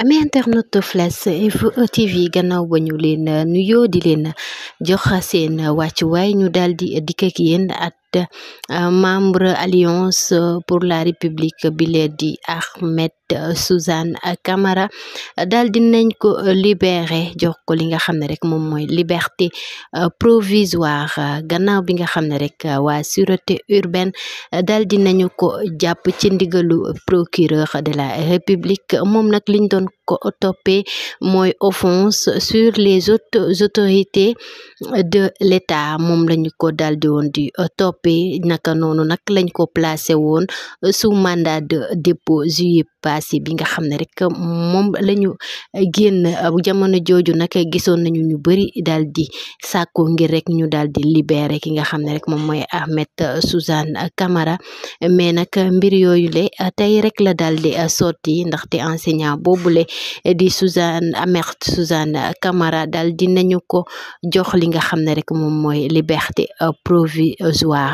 amee internet Flash Info TV gannaaw ba ñu leen nuyoo di leen jox seen wàccuwaay ñu daal di dikk ak yéen at Euh, membre alliance euh, pour la république Biledi Ahmed euh, Suzanne Kamara. Daldin dinañ ko libéré jox ko li nga liberté provisoire gannaaw bi nga xamné rek wa sûreté urbaine daal ko procureur de la république Mon nak liñ ko topé moy offense sur les autorités de l'État Mon lañu ko daal di toppee naka noonu nag lañ ko placé woon euh, sous mandat de dépôt juillet passé bi nga xam ne rek moom lañu génn euh, jamono jooju nag gisoon nañu ñu bëri daal di sàkku ngir rek ñu daal di libéré ki nga xam ne rek moom mooy Ahmed Suzanne kamara mais nag mbir yooyu le tey rek la daal di sotti ndaxte enseignant boobule di Suzanne Ahmed Suzanne Camara daal dinañu ko jox li nga xam ne rek moom mooy liberté provisoire